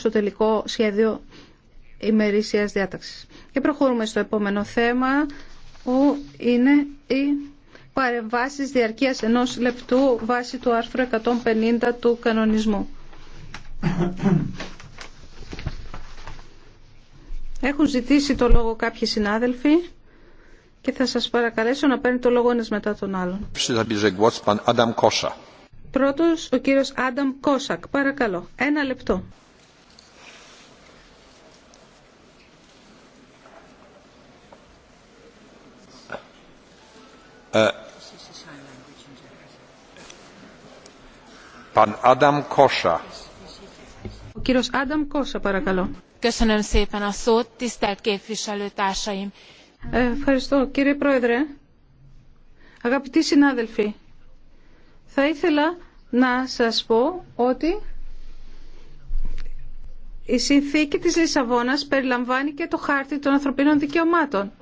στο τελικό σχέδιο ημερήσιας διάταξης. Και προχωρούμε στο επόμενο θέμα που είναι η παρεμβάσει διαρκείας ενός λεπτού βάσει του άρθρου 150 του κανονισμού. Έχουν ζητήσει το λόγο κάποιοι συνάδελφοι και θα σας παρακαλέσω να παίρνει το λόγο ένας μετά τον άλλον. Πρώτος ο κύριος Άνταμ Κόσακ. Παρακαλώ. Ένα λεπτό. Ο κύριος Άνταμ Κόσα, παρακαλώ. Ε, ευχαριστώ, κύριε Πρόεδρε. Αγαπητοί συνάδελφοι, θα ήθελα να σας πω ότι η συνθήκη της Λισαβόνας περιλαμβάνει και το χάρτη των ανθρωπίνων δικαιωμάτων.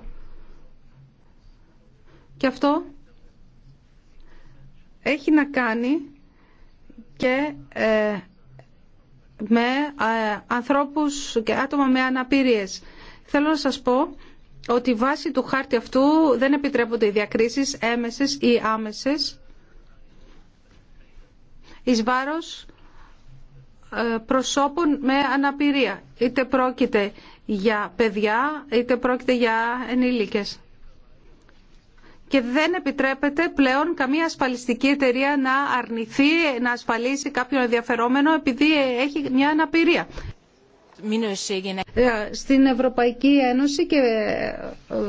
Και αυτό έχει να κάνει και ε, με ε, ανθρώπους και άτομα με αναπηρίες. Θέλω να σας πω ότι βάσει του χάρτη αυτού δεν επιτρέπονται οι διακρίσεις έμεσες ή άμεσες εις βάρος ε, προσώπων με αναπηρία. Είτε πρόκειται για παιδιά, είτε πρόκειται για ενήλικες και δεν επιτρέπεται πλέον καμία ασφαλιστική εταιρεία να αρνηθεί, να ασφαλίσει κάποιον ενδιαφερόμενο επειδή έχει μια αναπηρία. Ε, στην Ευρωπαϊκή Ένωση και ε,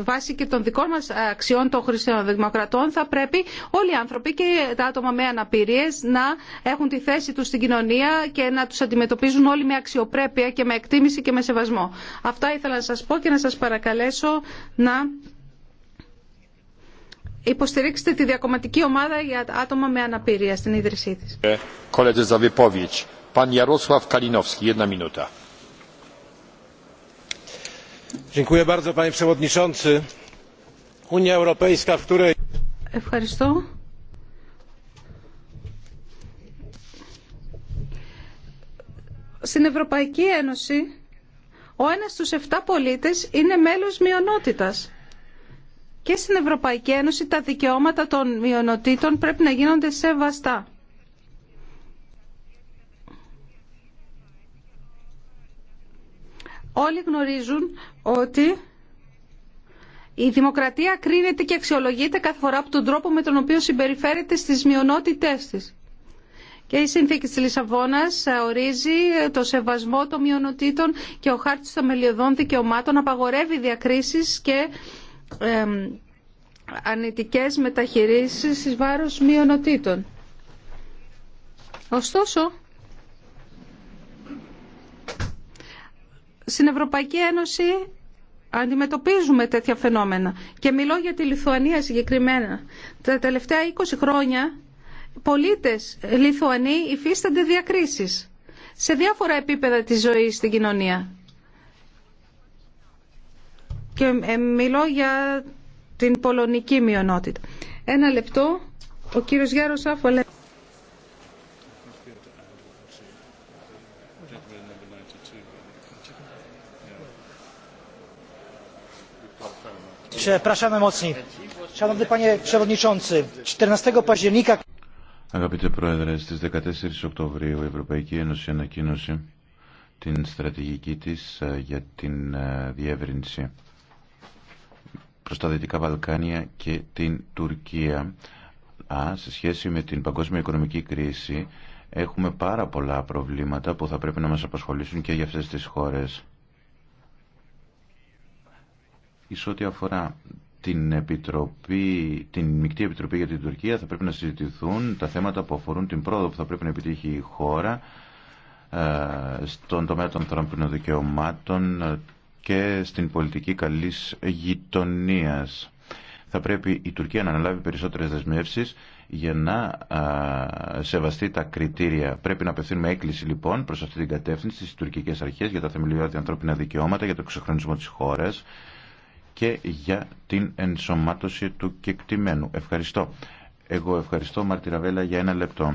βάσει και των δικών μας αξιών των χριστιανοδημοκρατών θα πρέπει όλοι οι άνθρωποι και τα άτομα με αναπηρίες να έχουν τη θέση τους στην κοινωνία και να τους αντιμετωπίζουν όλοι με αξιοπρέπεια και με εκτίμηση και με σεβασμό. Αυτά ήθελα να σας πω και να σας παρακαλέσω να Υποστηρίξτε τη διακομματική ομάδα για άτομα με αναπηρία στην ίδρυσή της. Ε, Ευχαριστώ. Στην Ευρωπαϊκή Ένωση, ο ένας στους 7 πολίτες είναι μέλος μειονότητας και στην Ευρωπαϊκή Ένωση τα δικαιώματα των μειονοτήτων πρέπει να γίνονται σεβαστά. Όλοι γνωρίζουν ότι η δημοκρατία κρίνεται και αξιολογείται κάθε φορά από τον τρόπο με τον οποίο συμπεριφέρεται στις μειονότητές της. Και η συνθήκη της Λισαβόνας ε, ορίζει ε, το σεβασμό των μειονοτήτων και ο χάρτης των μελιωδών δικαιωμάτων απαγορεύει διακρίσεις και ανητικές μεταχειρήσεις στις βάρος μειονοτήτων. Ωστόσο, στην Ευρωπαϊκή Ένωση αντιμετωπίζουμε τέτοια φαινόμενα και μιλώ για τη Λιθουανία συγκεκριμένα. Τα τελευταία 20 χρόνια πολίτες Λιθουανοί υφίστανται διακρίσεις σε διάφορα επίπεδα της ζωής στην κοινωνία και ε, μιλώ για την πολωνική μειονότητα. Ένα λεπτό, ο κύριος Γιάρος Άφολε. Αγαπητέ Πρόεδρε, στις 14 Οκτωβρίου η Ευρωπαϊκή Ένωση ανακοίνωσε την στρατηγική της ε, για την ε, διεύρυνση προς τα Δυτικά Βαλκάνια και την Τουρκία. Α, σε σχέση με την παγκόσμια οικονομική κρίση έχουμε πάρα πολλά προβλήματα που θα πρέπει να μας απασχολήσουν και για αυτές τις χώρες. Εις ό,τι αφορά την, Επιτροπή, την Μικτή Επιτροπή για την Τουρκία θα πρέπει να συζητηθούν τα θέματα που αφορούν την πρόοδο που θα πρέπει να επιτύχει η χώρα ε, στον τομέα των ανθρωπινών δικαιωμάτων, και στην πολιτική καλής γειτονίας. Θα πρέπει η Τουρκία να αναλάβει περισσότερες δεσμεύσεις για να σεβαστεί τα κριτήρια. Πρέπει να απευθύνουμε έκκληση λοιπόν προς αυτή την κατεύθυνση στις τουρκικές αρχές για τα θεμελιώδη ανθρώπινα δικαιώματα, για το ξεχρονισμό της χώρας και για την ενσωμάτωση του κεκτημένου. Ευχαριστώ. Εγώ ευχαριστώ Μαρτυραβέλα για ένα λεπτό.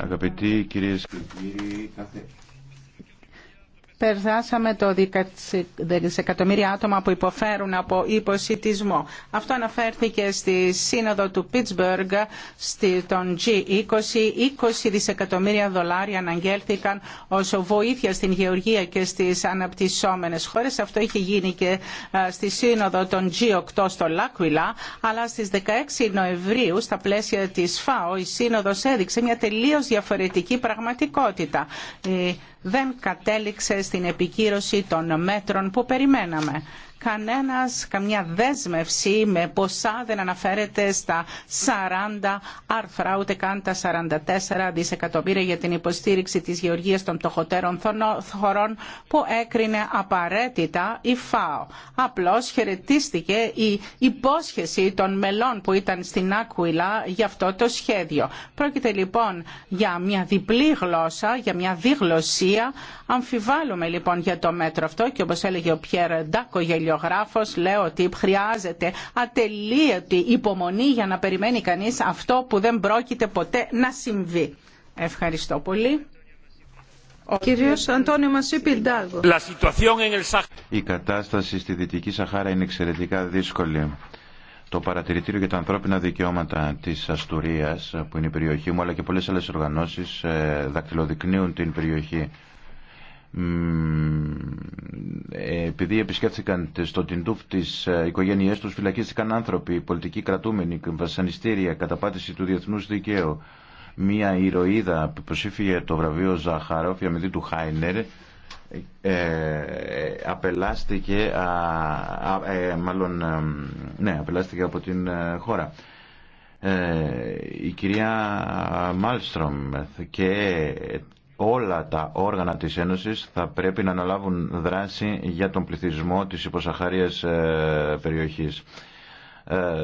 Αγαπητοί κυρίες και κύριοι, κάθε περάσαμε το δισεκατομμύρια άτομα που υποφέρουν από υποσυτισμό. Αυτό αναφέρθηκε στη σύνοδο του Πίτσμπεργκ στον G20. 20 δισεκατομμύρια δολάρια αναγγέλθηκαν ως βοήθεια στην γεωργία και στις αναπτυσσόμενες χώρες. Αυτό είχε γίνει και στη σύνοδο των G8 στο Λάκουιλα, αλλά στις 16 Νοεμβρίου στα πλαίσια της ΦΑΟ η σύνοδος έδειξε μια τελείως διαφορετική πραγματικότητα. Ε, δεν κατέληξε στην επικύρωση των μέτρων που περιμέναμε κανένας, καμιά δέσμευση με ποσά δεν αναφέρεται στα 40 άρθρα, ούτε καν τα 44 δισεκατομμύρια για την υποστήριξη της γεωργίας των πτωχοτέρων χωρών που έκρινε απαραίτητα η ΦΑΟ. Απλώς χαιρετίστηκε η υπόσχεση των μελών που ήταν στην Άκουιλα για αυτό το σχέδιο. Πρόκειται λοιπόν για μια διπλή γλώσσα, για μια διγλωσία. Αμφιβάλλουμε λοιπόν για το μέτρο αυτό και όπως έλεγε ο Πιέρ Ντάκο λέω ότι χρειάζεται ατελείωτη υπομονή για να περιμένει κανείς αυτό που δεν πρόκειται ποτέ να συμβεί. Ευχαριστώ πολύ. Ο κύριος Αντώνιο Μασίπιλντάγκο. Η κατάσταση στη Δυτική Σαχάρα είναι εξαιρετικά δύσκολη. Το Παρατηρητήριο για τα Ανθρώπινα Δικαιώματα της Αστουρίας, που είναι η περιοχή μου, αλλά και πολλές άλλες οργανώσεις ε, δακτυλοδεικνύουν την περιοχή ε, επειδή επισκέφθηκαν στο Τιντούφ τι ε, οικογένειέ του, φυλακίστηκαν άνθρωποι, πολιτικοί κρατούμενοι, βασανιστήρια, καταπάτηση του διεθνού δικαίου. Μία ηρωίδα που προσήφιε το βραβείο Ζαχαρόφ, η αμυντή του Χάινερ, ε, απελάστηκε, α, ναι, απελάστηκε από την χώρα. η κυρία Μάλστρομ και όλα τα όργανα της Ένωσης θα πρέπει να αναλάβουν δράση για τον πληθυσμό της υποσαχάριας ε, περιοχής. Ε,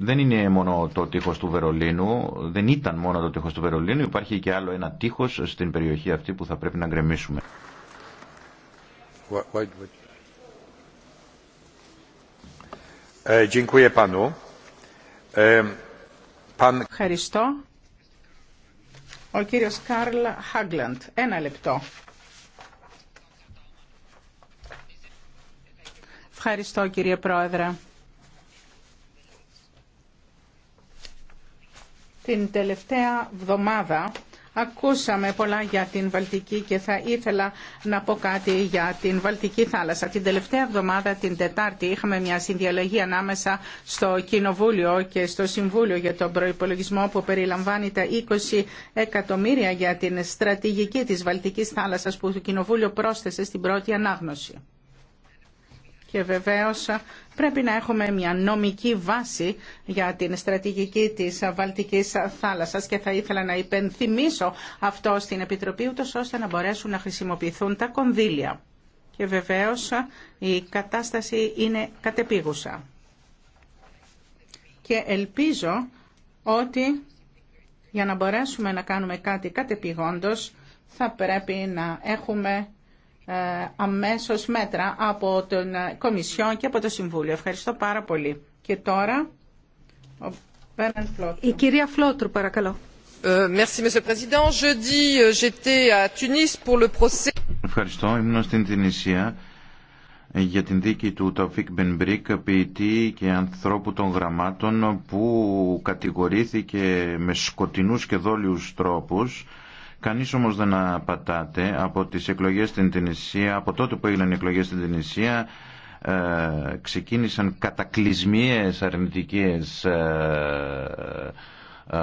δεν είναι μόνο το τείχος του Βερολίνου, δεν ήταν μόνο το τείχος του Βερολίνου, υπάρχει και άλλο ένα τείχος στην περιοχή αυτή που θα πρέπει να γκρεμίσουμε. Ε, Ευχαριστώ. Ο κύριος Κάρλ Χάγκλαντ. Ένα λεπτό. Ευχαριστώ κύριε Πρόεδρε. Την τελευταία βδομάδα... Ακούσαμε πολλά για την Βαλτική και θα ήθελα να πω κάτι για την Βαλτική θάλασσα. Την τελευταία εβδομάδα, την Τετάρτη, είχαμε μια συνδιαλλαγή ανάμεσα στο Κοινοβούλιο και στο Συμβούλιο για τον προϋπολογισμό που περιλαμβάνει τα 20 εκατομμύρια για την στρατηγική της Βαλτικής θάλασσας που το Κοινοβούλιο πρόσθεσε στην πρώτη ανάγνωση και βεβαίως πρέπει να έχουμε μια νομική βάση για την στρατηγική της Βαλτικής θάλασσας και θα ήθελα να υπενθυμίσω αυτό στην Επιτροπή ούτως ώστε να μπορέσουν να χρησιμοποιηθούν τα κονδύλια. Και βεβαίως η κατάσταση είναι κατεπίγουσα. Και ελπίζω ότι για να μπορέσουμε να κάνουμε κάτι κατεπηγόντως θα πρέπει να έχουμε ε, αμέσως μέτρα από τον Κομισιό και από το Συμβούλιο. Ευχαριστώ πάρα πολύ. Και τώρα, ο η κυρία Φλότρου, παρακαλώ. Ευχαριστώ. Ήμουν στην Τινησία ε, για την δίκη του Ταφίκ Μπενμπρίκ, ποιητή και ανθρώπου των γραμμάτων που κατηγορήθηκε με σκοτεινούς και δόλιους τρόπους Κανείς όμως δεν απατάται από τις εκλογές στην Τινησία, από τότε που έγιναν οι εκλογές στην Τινησία, ε, ξεκίνησαν κατακλυσμίες αρνητικές ε, ε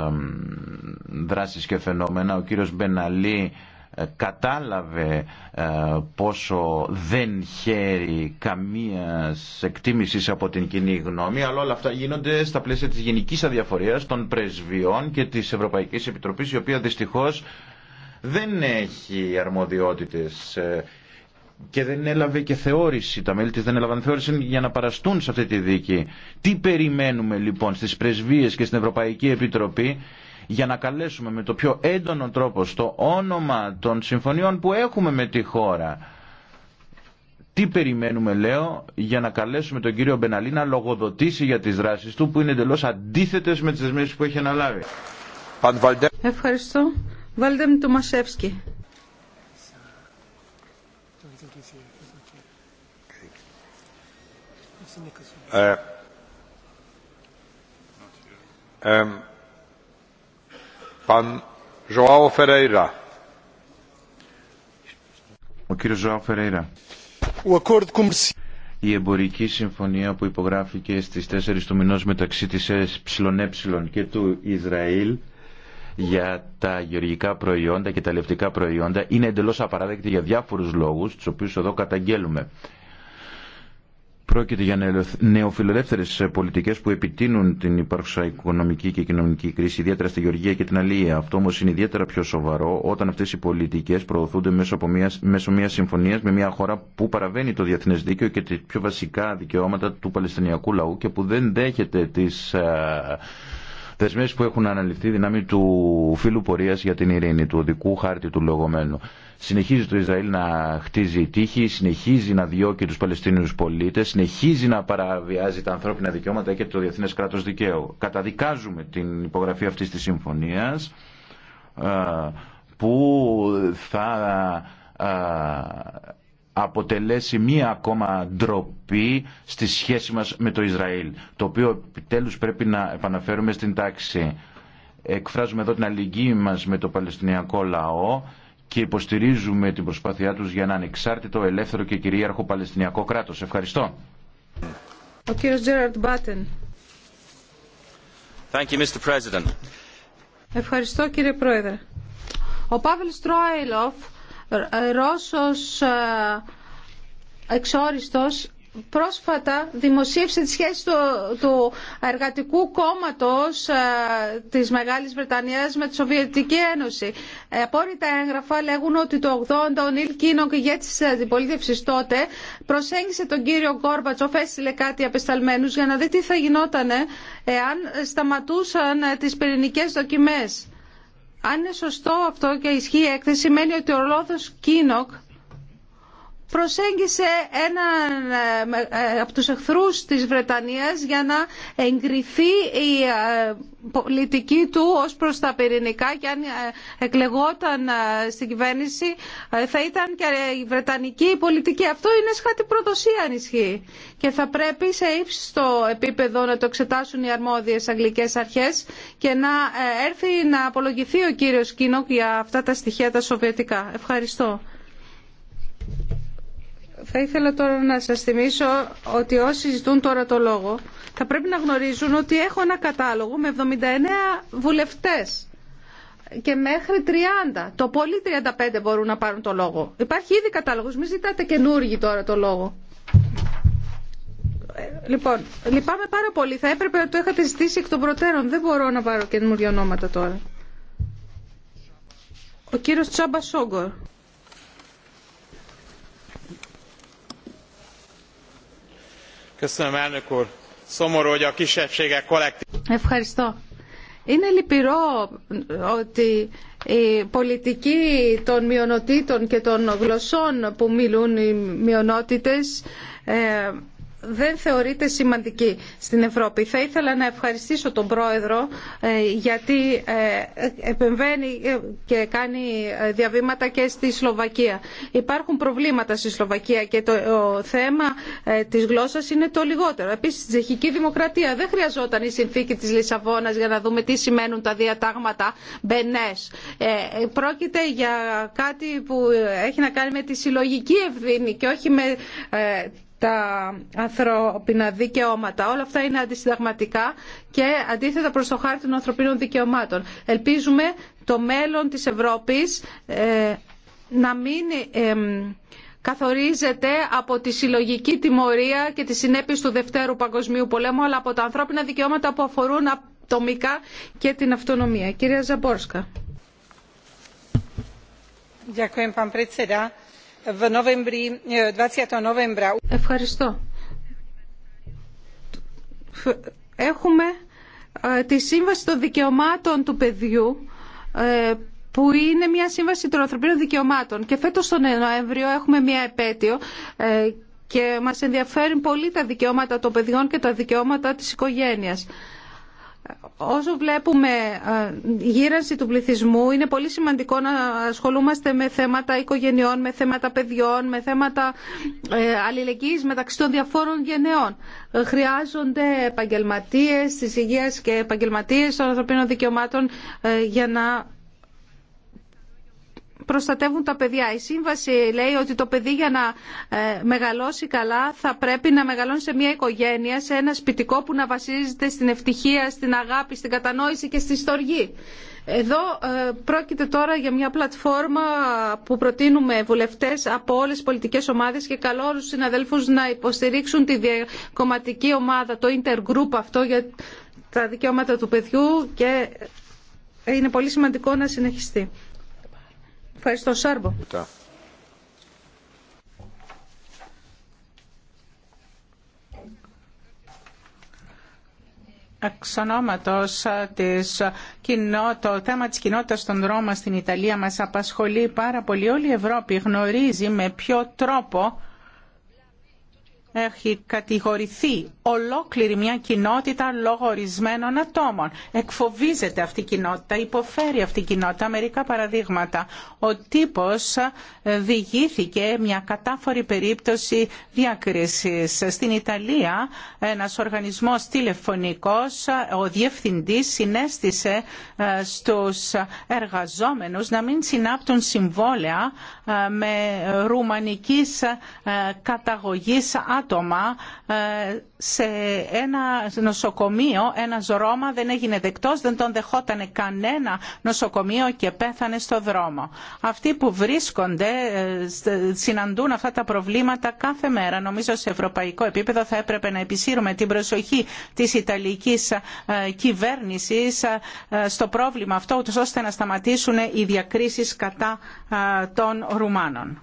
δράσεις και φαινόμενα. Ο κύριος Μπεναλή ε, κατάλαβε ε, πόσο δεν χαίρει καμία εκτίμηση από την κοινή γνώμη, αλλά όλα αυτά γίνονται στα πλαίσια της γενικής αδιαφορίας των πρεσβειών και της Ευρωπαϊκής Επιτροπής, η οποία δυστυχώς δεν έχει αρμοδιότητες ε, και δεν έλαβε και θεώρηση, τα μέλη της δεν έλαβαν θεώρηση για να παραστούν σε αυτή τη δίκη. Τι περιμένουμε λοιπόν στις πρεσβείες και στην Ευρωπαϊκή Επιτροπή για να καλέσουμε με το πιο έντονο τρόπο στο όνομα των συμφωνιών που έχουμε με τη χώρα. Τι περιμένουμε, λέω, για να καλέσουμε τον κύριο Μπεναλή να λογοδοτήσει για τις δράσεις του που είναι εντελώς αντίθετες με τις δεσμεύσεις που έχει αναλάβει. Ευχαριστώ. Βάλτε το Μασεύσκι. Ε, ε, Ο κύριος Ζωάου Φερέιρα. Η εμπορική συμφωνία που υπογράφηκε στις 4 του μηνός μεταξύ της ΕΕ και του Ισραήλ για τα γεωργικά προϊόντα και τα λευτικά προϊόντα είναι εντελώς απαράδεκτη για διάφορους λόγους, τους οποίους εδώ καταγγέλουμε. Πρόκειται για νεοφιλελεύθερες πολιτικές που επιτείνουν την υπάρχουσα οικονομική και κοινωνική κρίση, ιδιαίτερα στη Γεωργία και την Αλία. Αυτό όμως είναι ιδιαίτερα πιο σοβαρό όταν αυτές οι πολιτικές προωθούνται μέσω, μιας, συμφωνίας με μια χώρα που παραβαίνει το διεθνές δίκαιο και τα πιο βασικά δικαιώματα του Παλαιστινιακού λαού και που δεν δέχεται τις ε, δεσμεύσει που έχουν αναλυθεί δυνάμει του φίλου πορεία για την ειρήνη, του οδικού χάρτη του λογομένου. Συνεχίζει το Ισραήλ να χτίζει τύχη, συνεχίζει να διώκει του Παλαιστίνιου πολίτε, συνεχίζει να παραβιάζει τα ανθρώπινα δικαιώματα και το διεθνέ κράτο δικαίου. Καταδικάζουμε την υπογραφή αυτή τη συμφωνία ε, που θα ε, αποτελέσει μία ακόμα ντροπή στη σχέση μας με το Ισραήλ, το οποίο επιτέλους πρέπει να επαναφέρουμε στην τάξη. Εκφράζουμε εδώ την αλληλική μας με το Παλαιστινιακό λαό και υποστηρίζουμε την προσπάθειά τους για ένα ανεξάρτητο, ελεύθερο και κυρίαρχο Παλαιστινιακό κράτος. Ευχαριστώ. Ο κύριος Τζέραρντ Μπάτεν. Ευχαριστώ κύριε Πρόεδρε. Ο ε, Ρώσος ε, εξόριστος πρόσφατα δημοσίευσε τη σχέση του, του εργατικού κόμματος α, ε, της Μεγάλης Βρετανίας με τη Σοβιετική Ένωση. Ε, απόρριτα έγγραφα λέγουν ότι το 80 ο Νίλ Κίνοκ ηγέτης της αντιπολίτευσης τότε προσέγγισε τον κύριο Γκόρμπατσοφ, έστειλε κάτι απεσταλμένους για να δει τι θα γινόταν εάν σταματούσαν τις πυρηνικές δοκιμές. Αν είναι σωστό αυτό και ισχύει η έκθεση, σημαίνει ότι ο Ρόδος Κίνοκ προσέγγισε έναν ε, ε, από τους εχθρούς της Βρετανίας για να εγκριθεί η ε, πολιτική του ως προς τα πυρηνικά και αν εκλεγόταν στην κυβέρνηση θα ήταν και η βρετανική πολιτική. Αυτό είναι σχάτη προδοσία αν ισχύει. Και θα πρέπει σε ύψιστο επίπεδο να το εξετάσουν οι αρμόδιες αγγλικές αρχές και να έρθει να απολογηθεί ο κύριος Κίνοκ για αυτά τα στοιχεία τα σοβιετικά. Ευχαριστώ. Θα ήθελα τώρα να σας θυμίσω ότι όσοι ζητούν τώρα το λόγο θα πρέπει να γνωρίζουν ότι έχω ένα κατάλογο με 79 βουλευτές και μέχρι 30, το πολύ 35 μπορούν να πάρουν το λόγο. Υπάρχει ήδη κατάλογος, μην ζητάτε καινούργοι τώρα το λόγο. Ε, λοιπόν, λυπάμαι πάρα πολύ. Θα έπρεπε να το είχατε ζητήσει εκ των προτέρων. Δεν μπορώ να πάρω καινούργια ονόματα τώρα. Ο κύριος Τσάμπα Σόγκορ. Ευχαριστώ. Είναι λυπηρό ότι η πολιτική των μειονοτήτων και των γλωσσών που μιλούν οι μειονότητες ε, δεν θεωρείται σημαντική στην Ευρώπη. Θα ήθελα να ευχαριστήσω τον Πρόεδρο ε, γιατί ε, επεμβαίνει και κάνει ε, διαβήματα και στη Σλοβακία. Υπάρχουν προβλήματα στη Σλοβακία και το θέμα της γλώσσας είναι το λιγότερο. Επίσης, στη Τσεχική Δημοκρατία δεν χρειαζόταν η συνθήκη της Λισαβόνας για να δούμε τι σημαίνουν τα διατάγματα μπενές. Πρόκειται για κάτι που έχει να κάνει με τη συλλογική ευθύνη και όχι με τα ανθρώπινα δικαιώματα. Όλα αυτά είναι αντισυνταγματικά και αντίθετα προς το χάρτη των ανθρωπίνων δικαιωμάτων. Ελπίζουμε το μέλλον της Ευρώπης ε, να μην καθορίζεται από τη συλλογική τιμωρία και τη συνέπειες του Δευτέρου Παγκοσμίου Πολέμου, αλλά από τα ανθρώπινα δικαιώματα που αφορούν ατομικά και την αυτονομία. Κυρία Ζαμπόρσκα. E, Ευχαριστώ. Έχουμε ε, τη Σύμβαση των Δικαιωμάτων του Παιδιού ε, που είναι μια σύμβαση των ανθρωπίνων δικαιωμάτων. Και φέτος τον Νοέμβριο έχουμε μια επέτειο ε, και μας ενδιαφέρουν πολύ τα δικαιώματα των παιδιών και τα δικαιώματα της οικογένειας όσο βλέπουμε ε, γύρανση του πληθυσμού, είναι πολύ σημαντικό να ασχολούμαστε με θέματα οικογενειών, με θέματα παιδιών, με θέματα ε, αλληλεγγύης μεταξύ των διαφόρων γενεών. Ε, χρειάζονται επαγγελματίες της υγείας και επαγγελματίες των ανθρωπίνων δικαιωμάτων για να προστατεύουν τα παιδιά. Η σύμβαση λέει ότι το παιδί για να ε, μεγαλώσει καλά θα πρέπει να μεγαλώνει σε μια οικογένεια, σε ένα σπιτικό που να βασίζεται στην ευτυχία, στην αγάπη, στην κατανόηση και στη στοργή. Εδώ ε, πρόκειται τώρα για μια πλατφόρμα που προτείνουμε βουλευτές από όλες τις πολιτικές ομάδες και καλώ τους συναδέλφους να υποστηρίξουν τη διακομματική ομάδα, το Intergroup αυτό για τα δικαιώματα του παιδιού και είναι πολύ σημαντικό να συνεχιστεί. Ευχαριστώ, Σάρμπο. εξ ε, της ε, κοινότητα, το θέμα κοινότητας των Ρώμα στην Ιταλία μας απασχολεί πάρα πολύ. Όλη η Ευρώπη γνωρίζει με ποιο τρόπο έχει κατηγορηθεί ολόκληρη μια κοινότητα λόγω ορισμένων ατόμων. Εκφοβίζεται αυτή η κοινότητα, υποφέρει αυτή η κοινότητα. Μερικά παραδείγματα. Ο τύπος ε, διηγήθηκε μια κατάφορη περίπτωση διάκρισης. Στην Ιταλία ένας οργανισμός τηλεφωνικός, ε, ο διευθυντής συνέστησε ε, στους εργαζόμενους να μην συνάπτουν συμβόλαια με ρουμανικής καταγωγής άτομα άτομα ε, σε ένα νοσοκομείο, ένα Ρώμα δεν έγινε δεκτός, δεν τον δεχόταν κανένα νοσοκομείο και πέθανε στο δρόμο. Αυτοί που βρίσκονται ε, συναντούν αυτά τα προβλήματα κάθε μέρα. Νομίζω σε ευρωπαϊκό επίπεδο θα έπρεπε να επισύρουμε την προσοχή της Ιταλικής ε, κυβέρνησης στο πρόβλημα αυτό, ούτως ώστε να σταματήσουν οι διακρίσεις κατά των Ρουμάνων.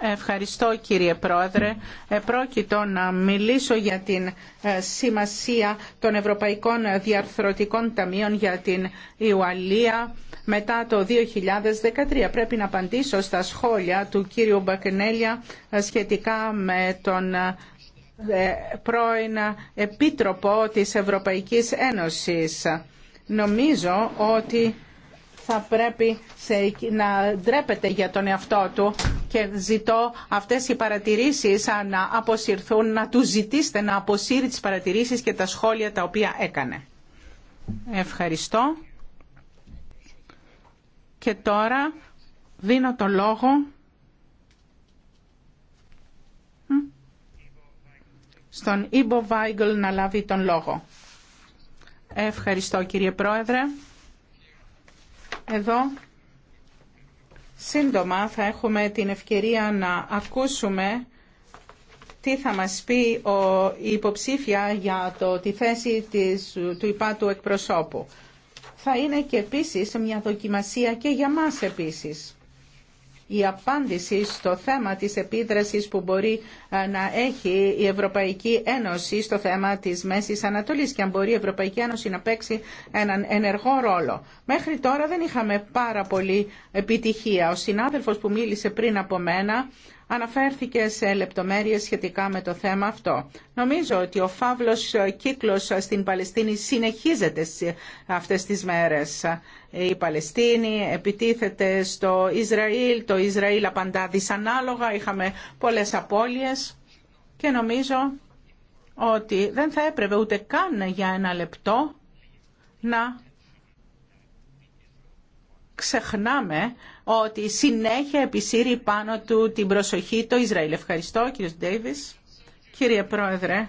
Ευχαριστώ κύριε Πρόεδρε. Επρόκειτο να μιλήσω για την ε, σημασία των Ευρωπαϊκών Διαρθρωτικών Ταμείων για την Ιουαλία μετά το 2013. Πρέπει να απαντήσω στα σχόλια του κύριου Μπακενέλια ε, σχετικά με τον ε, πρώην Επίτροπο της Ευρωπαϊκής Ένωσης. Νομίζω ότι θα πρέπει να ντρέπεται για τον εαυτό του και ζητώ αυτές οι παρατηρήσεις να αποσυρθούν, να του ζητήσετε να αποσύρει τις παρατηρήσεις και τα σχόλια τα οποία έκανε. Ευχαριστώ. Και τώρα δίνω το λόγο στον Ιμπο Βάιγκλ να λάβει τον λόγο. Ευχαριστώ κύριε Πρόεδρε. Εδώ σύντομα θα έχουμε την ευκαιρία να ακούσουμε τι θα μας πει ο, η υποψήφια για το, τη θέση της, του υπάτου εκπροσώπου. Θα είναι και επίσης μια δοκιμασία και για μας επίσης η απάντηση στο θέμα της επίδρασης που μπορεί ε, να έχει η Ευρωπαϊκή Ένωση στο θέμα της Μέσης Ανατολής και αν μπορεί η Ευρωπαϊκή Ένωση να παίξει έναν ενεργό ρόλο. Μέχρι τώρα δεν είχαμε πάρα πολύ επιτυχία. Ο συνάδελφος που μίλησε πριν από μένα αναφέρθηκε σε λεπτομέρειες σχετικά με το θέμα αυτό. Νομίζω ότι ο φαύλος κύκλος στην Παλαιστίνη συνεχίζεται αυτές τις μέρες. Η Παλαιστίνη επιτίθεται στο Ισραήλ, το Ισραήλ απαντά δυσανάλογα, είχαμε πολλές απώλειες και νομίζω ότι δεν θα έπρεπε ούτε καν για ένα λεπτό να ξεχνάμε ότι συνέχεια επισύρει πάνω του την προσοχή το Ισραήλ. Ευχαριστώ κύριε Ντέιβις. Κύριε Πρόεδρε,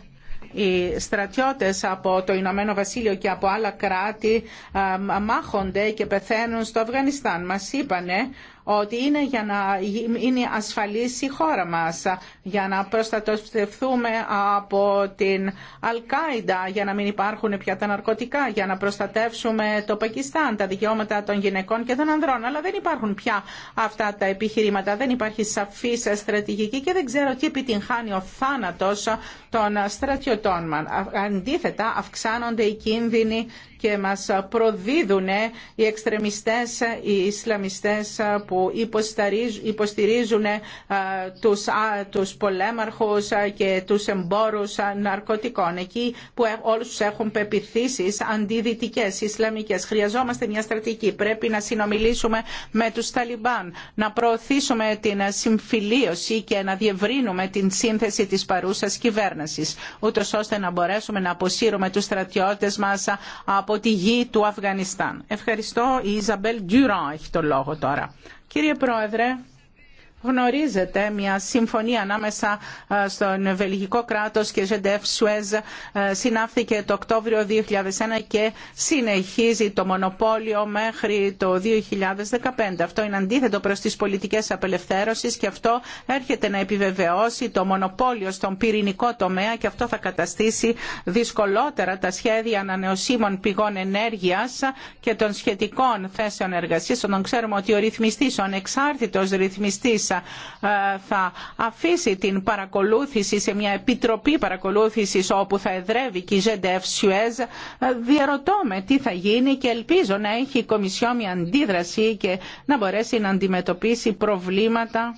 οι στρατιώτες από το Ηνωμένο Βασίλειο και από άλλα κράτη μάχονται και πεθαίνουν στο Αφγανιστάν. Μας είπανε ότι είναι για να είναι ασφαλής η χώρα μας, για να προστατευθούμε από την Αλκάιντα, για να μην υπάρχουν πια τα ναρκωτικά, για να προστατεύσουμε το Πακιστάν, τα δικαιώματα των γυναικών και των ανδρών. Αλλά δεν υπάρχουν πια αυτά τα επιχειρήματα, δεν υπάρχει σαφή στρατηγική και δεν ξέρω τι επιτυγχάνει ο θάνατος των στρατιωτών μας. Αντίθετα, αυξάνονται οι κίνδυνοι και μας προδίδουν οι εξτρεμιστές, οι Ισλαμιστές που υποστηρίζουν τους, τους πολέμαρχους και τους εμπόρους ναρκωτικών. Εκεί που ε, όλους έχουν πεπιθήσεις αντιδυτικές, Ισλαμικές. Χρειαζόμαστε μια στρατηγική. Πρέπει να συνομιλήσουμε με τους Ταλιμπάν, να προωθήσουμε την συμφιλίωση και να διευρύνουμε την σύνθεση της παρούσας κυβέρνησης, ούτως ώστε να μπορέσουμε να αποσύρουμε τους στρατιώτες μας από τη γη του Αφγανιστάν. Ευχαριστώ. Η Ιζαμπέλ Γκυρόν έχει το λόγο τώρα. Κύριε Πρόεδρε, γνωρίζετε μια συμφωνία ανάμεσα ε, στον Βελγικό κράτος και Ζεντεφ Σουέζ ε, συνάφθηκε το Οκτώβριο 2001 και συνεχίζει το μονοπόλιο μέχρι το 2015. Αυτό είναι αντίθετο προς τις πολιτικές απελευθέρωσης και αυτό έρχεται να επιβεβαιώσει το μονοπόλιο στον πυρηνικό τομέα και αυτό θα καταστήσει δυσκολότερα τα σχέδια ανανεωσίμων πηγών ενέργειας και των σχετικών θέσεων εργασίας. Όταν ξέρουμε ότι ο ρυθμιστής, ο ανεξάρτητος ε, θα αφήσει την παρακολούθηση σε μια επιτροπή παρακολούθηση όπου θα εδρεύει και η ZDF Σουέζ, ε, Διαρωτώ με τι θα γίνει και ελπίζω να έχει η Κομισιόν μια αντίδραση και να μπορέσει να αντιμετωπίσει προβλήματα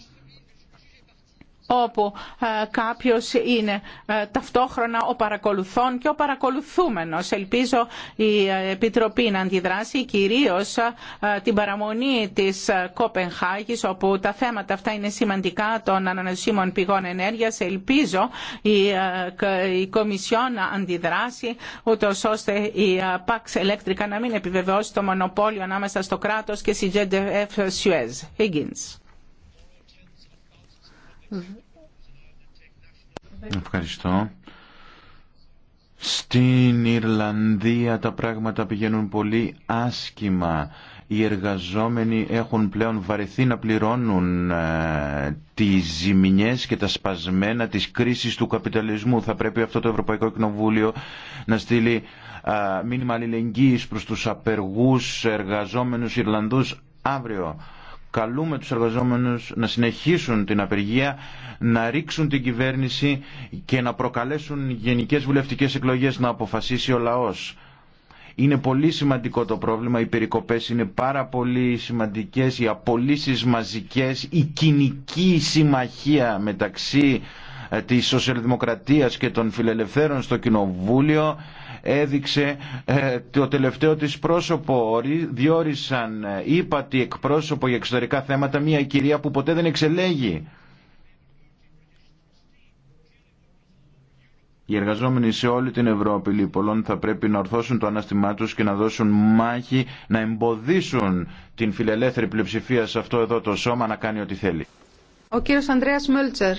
όπου ε, κάποιος είναι ε, ταυτόχρονα ο παρακολουθών και ο παρακολουθούμενος. Ελπίζω η ε, Επιτροπή να αντιδράσει κυρίως την παραμονή της Κοπενχάγης όπου τα θέματα αυτά είναι σημαντικά των ανανεωσίμων πηγών ενέργειας. Ελπίζω η Κομισιό να αντιδράσει ούτω ώστε η Pax Electrica να μην επιβεβαιώσει το μονοπόλιο ανάμεσα στο κράτος και στη GDF Suez. Ευχαριστώ. Στην Ιρλανδία τα πράγματα πηγαίνουν πολύ άσχημα Οι εργαζόμενοι έχουν πλέον βαρεθεί να πληρώνουν ε, τις ζημινιές και τα σπασμένα της κρίσης του καπιταλισμού. Θα πρέπει αυτό το Ευρωπαϊκό Κοινοβούλιο να στείλει ε, μήνυμα αλληλεγγύης προς τους απεργούς εργαζόμενους Ιρλανδούς αύριο καλούμε τους εργαζόμενους να συνεχίσουν την απεργία, να ρίξουν την κυβέρνηση και να προκαλέσουν γενικές βουλευτικές εκλογές να αποφασίσει ο λαός. Είναι πολύ σημαντικό το πρόβλημα, οι περικοπές είναι πάρα πολύ σημαντικές, οι απολύσεις μαζικές, η κοινική συμμαχία μεταξύ ε, της σοσιαλδημοκρατίας και των φιλελευθέρων στο Κοινοβούλιο έδειξε ε, το τελευταίο της πρόσωπο. Διόρισαν ε, ύπατη εκπρόσωπο για εξωτερικά θέματα μια κυρία που ποτέ δεν εξελέγει. Οι εργαζόμενοι σε όλη την Ευρώπη λοιπόν θα πρέπει να ορθώσουν το ανάστημά τους και να δώσουν μάχη να εμποδίσουν την φιλελεύθερη πλειοψηφία σε αυτό εδώ το σώμα να κάνει ό,τι θέλει. Ο κύριος Ανδρέας Μέλτσερ.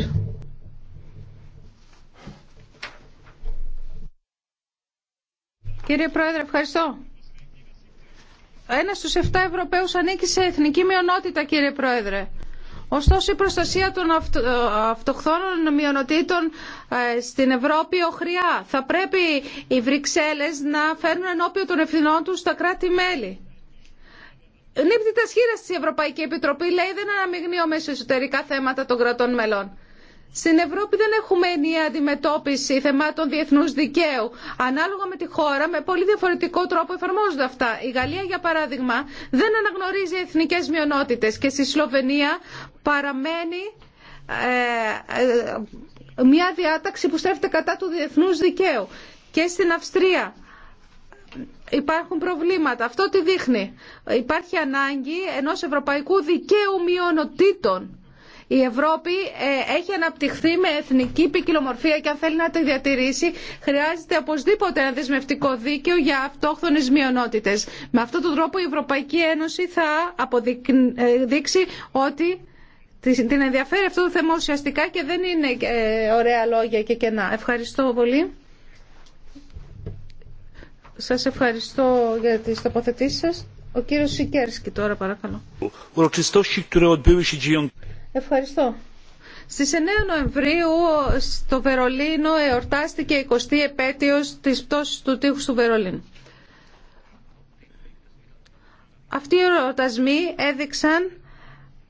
Κύριε Πρόεδρε, ευχαριστώ. Ένα στου 7 Ευρωπαίους ανήκει σε εθνική μειονότητα, κύριε Πρόεδρε. Ωστόσο, η προστασία των αυτοχθόνων μειονοτήτων ε, στην Ευρώπη οχριά. Θα πρέπει οι Βρυξέλλες να φέρουν ενώπιον των ευθυνών τους τα κράτη-μέλη. Νύπτη τα σχήρα της Ευρωπαϊκή Επιτροπή λέει δεν αναμειγνύομαι μέσα εσωτερικά θέματα των κρατών μελών. Στην Ευρώπη δεν έχουμε ενιαία αντιμετώπιση θεμάτων διεθνούς δικαίου. Ανάλογα με τη χώρα, με πολύ διαφορετικό τρόπο εφαρμόζονται αυτά. Η Γαλλία, για παράδειγμα, δεν αναγνωρίζει εθνικές μειονότητες και στη Σλοβενία παραμένει ε, ε, μια διάταξη που στρέφεται κατά του διεθνούς δικαίου. Και στην Αυστρία υπάρχουν προβλήματα. Αυτό τι δείχνει. Υπάρχει ανάγκη ενός ευρωπαϊκού δικαίου μειονοτήτων η Ευρώπη ε, έχει αναπτυχθεί με εθνική ποικιλομορφία και αν θέλει να τη διατηρήσει χρειάζεται οπωσδήποτε ένα δεσμευτικό δίκαιο για αυτόχθονες μειονότητες. Με αυτόν τον τρόπο η Ευρωπαϊκή Ένωση θα αποδείξει ε, ότι την ενδιαφέρει αυτό το θέμα ουσιαστικά και δεν είναι ε, ωραία λόγια και κενά. Ευχαριστώ πολύ. Σας ευχαριστώ για τις τοποθετήσεις σας. Ο κύριος Σικέρσκι τώρα παρακαλώ. Ευχαριστώ. Στις 9 Νοεμβρίου στο Βερολίνο εορτάστηκε η 20η επέτειος της πτώσης του τείχους του Βερολίνου. Αυτοί οι εορτασμοί έδειξαν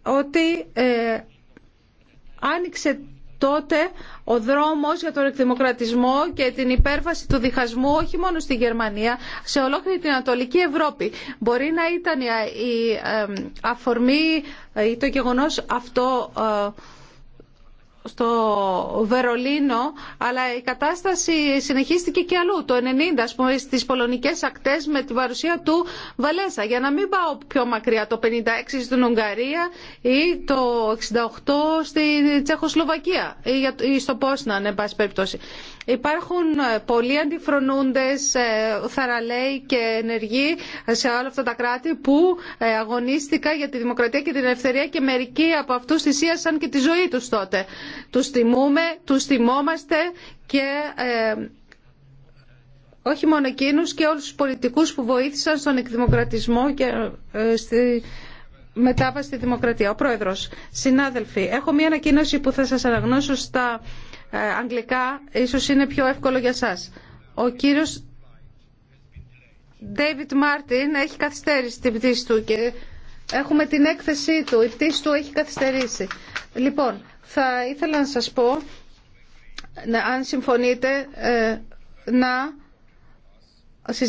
ότι ε, άνοιξε τότε ο δρόμος για τον εκδημοκρατισμό και την υπέρβαση του διχασμού όχι μόνο στη Γερμανία, σε ολόκληρη την Ανατολική Ευρώπη. Μπορεί να ήταν η ε, ε, αφορμή ε, ή το γεγονός αυτό στο Βερολίνο, αλλά η κατάσταση συνεχίστηκε και αλλού. Το 90, α πούμε, στις πολωνικές ακτές με τη παρουσία του Βαλέσα. Για να μην πάω πιο μακριά, το 56 στην Ουγγαρία ή το 68 στην Τσεχοσλοβακία ή στο Πόσνα, εν πάση περιπτώσει. Υπάρχουν ε, πολλοί αντιφρονούντες, ε, θαραλέοι και ενεργοί σε όλα αυτά τα κράτη που ε, αγωνίστηκαν για τη δημοκρατία και την ελευθερία και μερικοί από αυτούς θυσίασαν και τη ζωή τους τότε. Τους τιμούμε, τους τιμόμαστε και όχι μόνο εκείνους και όλους τους πολιτικούς που βοήθησαν στον εκδημοκρατισμό και στη μετάβαση στη δημοκρατία. Ο Πρόεδρος, συνάδελφοι, έχω μία ανακοίνωση που θα σας αναγνώσω στα ε, αγγλικά ίσως είναι πιο εύκολο για σας. Ο κύριος David Μάρτιν έχει καθυστέρησει την πτήση του και έχουμε την έκθεσή του. Η πτήση του έχει καθυστερήσει. Λοιπόν, θα ήθελα να σας πω, αν συμφωνείτε, ε, να συζητήσουμε